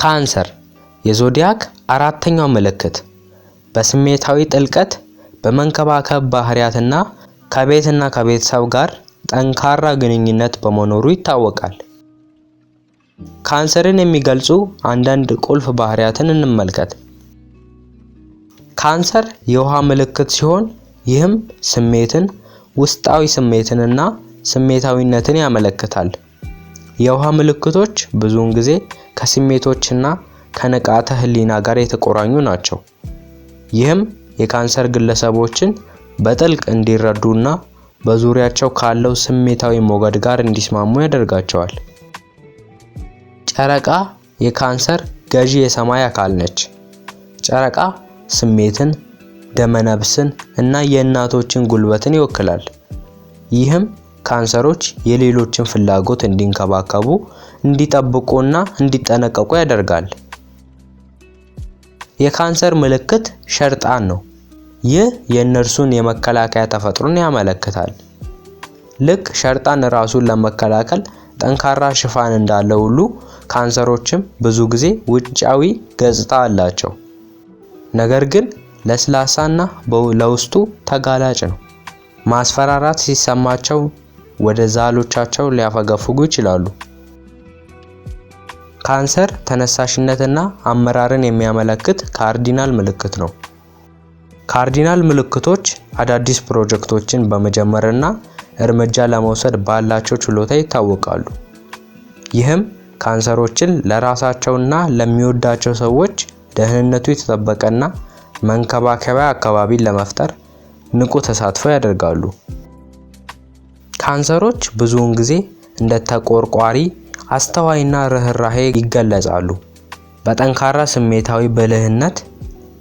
ካንሰር የዞዲያክ አራተኛው ምልክት በስሜታዊ ጥልቀት በመንከባከብ ባህሪያትና ከቤትና ከቤተሰብ ጋር ጠንካራ ግንኙነት በመኖሩ ይታወቃል። ካንሰርን የሚገልጹ አንዳንድ ቁልፍ ባህሪያትን እንመልከት። ካንሰር የውሃ ምልክት ሲሆን ይህም ስሜትን፣ ውስጣዊ ስሜትንና ስሜታዊነትን ያመለክታል። የውሃ ምልክቶች ብዙውን ጊዜ ከስሜቶችና ከንቃተ ህሊና ጋር የተቆራኙ ናቸው። ይህም የካንሰር ግለሰቦችን በጥልቅ እንዲረዱና በዙሪያቸው ካለው ስሜታዊ ሞገድ ጋር እንዲስማሙ ያደርጋቸዋል። ጨረቃ የካንሰር ገዢ የሰማይ አካል ነች። ጨረቃ ስሜትን፣ ደመነፍስን እና የእናቶችን ጉልበትን ይወክላል። ይህም ካንሰሮች የሌሎችን ፍላጎት እንዲንከባከቡ እንዲጠብቁና እንዲጠነቀቁ ያደርጋል። የካንሰር ምልክት ሸርጣን ነው። ይህ የእነርሱን የመከላከያ ተፈጥሮን ያመለክታል። ልክ ሸርጣን ራሱን ለመከላከል ጠንካራ ሽፋን እንዳለ ሁሉ ካንሰሮችም ብዙ ጊዜ ውጫዊ ገጽታ አላቸው። ነገር ግን ለስላሳና ለውስጡ ተጋላጭ ነው። ማስፈራራት ሲሰማቸው ወደ ዛሎቻቸው ሊያፈገፍጉ ይችላሉ። ካንሰር ተነሳሽነትና አመራርን የሚያመለክት ካርዲናል ምልክት ነው። ካርዲናል ምልክቶች አዳዲስ ፕሮጀክቶችን በመጀመርና እርምጃ ለመውሰድ ባላቸው ችሎታ ይታወቃሉ። ይህም ካንሰሮችን ለራሳቸውና ለሚወዳቸው ሰዎች ደህንነቱ የተጠበቀና መንከባከቢያ አካባቢን ለመፍጠር ንቁ ተሳትፎ ያደርጋሉ። ካንሰሮች ብዙውን ጊዜ እንደ ተቆርቋሪ፣ አስተዋይና ርህራሄ ይገለጻሉ። በጠንካራ ስሜታዊ ብልህነት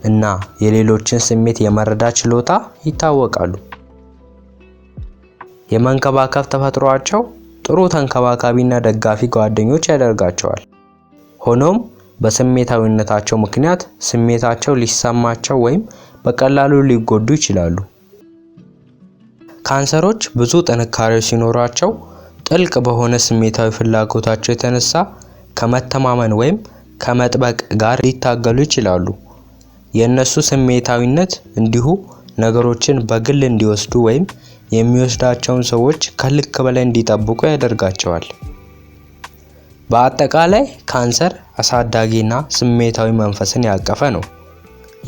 እና የሌሎችን ስሜት የመረዳት ችሎታ ይታወቃሉ። የመንከባከብ ተፈጥሯቸው ጥሩ ተንከባካቢና ደጋፊ ጓደኞች ያደርጋቸዋል። ሆኖም በስሜታዊነታቸው ምክንያት ስሜታቸው ሊሰማቸው ወይም በቀላሉ ሊጎዱ ይችላሉ። ካንሰሮች ብዙ ጥንካሬዎች ሲኖሯቸው ጥልቅ በሆነ ስሜታዊ ፍላጎታቸው የተነሳ ከመተማመን ወይም ከመጥበቅ ጋር ሊታገሉ ይችላሉ። የእነሱ ስሜታዊነት እንዲሁ ነገሮችን በግል እንዲወስዱ ወይም የሚወስዳቸውን ሰዎች ከልክ በላይ እንዲጠብቁ ያደርጋቸዋል። በአጠቃላይ ካንሰር አሳዳጊና ስሜታዊ መንፈስን ያቀፈ ነው።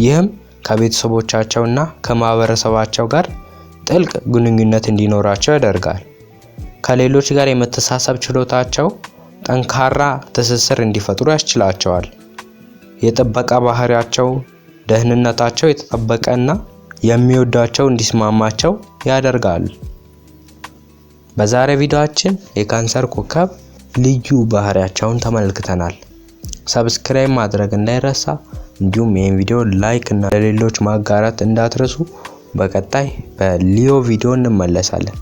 ይህም ከቤተሰቦቻቸውና ከማህበረሰባቸው ጋር ጥልቅ ግንኙነት እንዲኖራቸው ያደርጋል። ከሌሎች ጋር የመተሳሰብ ችሎታቸው ጠንካራ ትስስር እንዲፈጥሩ ያስችላቸዋል። የጥበቃ ባህሪያቸው ደህንነታቸው የተጠበቀና የሚወዳቸው እንዲስማማቸው ያደርጋል። በዛሬ ቪዲዮአችን የካንሰር ኮከብ ልዩ ባህሪያቸውን ተመልክተናል። ሰብስክራይብ ማድረግ እንዳይረሳ፣ እንዲሁም ይህን ቪዲዮ ላይክ እና ለሌሎች ማጋራት እንዳትረሱ። በቀጣይ በሊዮ ቪዲዮ እንመለሳለን።